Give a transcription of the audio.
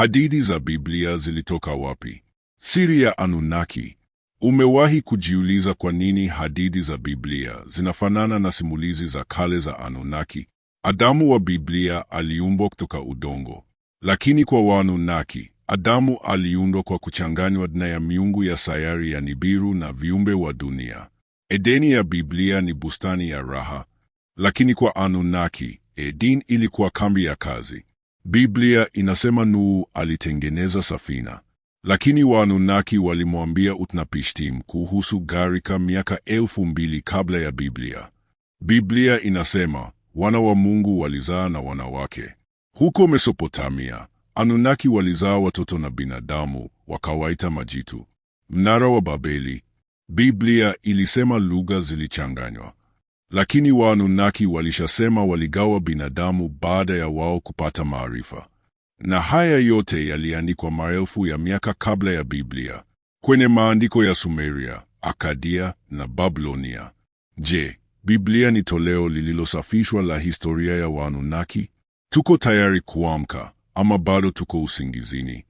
Hadithi za Biblia zilitoka wapi? Siri ya Anunnaki. Umewahi kujiuliza kwa nini hadithi za Biblia zinafanana na simulizi za kale za Anunnaki? Adamu wa Biblia aliumbwa kutoka udongo, lakini kwa Waanunnaki Adamu aliundwa kwa kuchanganywa na ya miungu ya sayari ya Nibiru na viumbe wa dunia. Edeni ya Biblia ni bustani ya raha, lakini kwa Anunnaki Eden ilikuwa kambi ya kazi. Biblia inasema Nuhu alitengeneza safina, lakini Waanunaki walimwambia Utnapishtim kuhusu gharika miaka elfu mbili kabla ya Biblia. Biblia inasema wana wa Mungu walizaa na wanawake. Huko Mesopotamia, Anunaki walizaa watoto na binadamu wakawaita majitu. Mnara wa Babeli, Biblia ilisema lugha zilichanganywa. Lakini Waanunaki walishasema waligawa binadamu baada ya wao kupata maarifa, na haya yote yaliandikwa maelfu ya miaka kabla ya Biblia kwenye maandiko ya Sumeria, Akadia na Babilonia. Je, Biblia ni toleo lililosafishwa la historia ya Waanunaki? Tuko tayari kuamka ama bado tuko usingizini?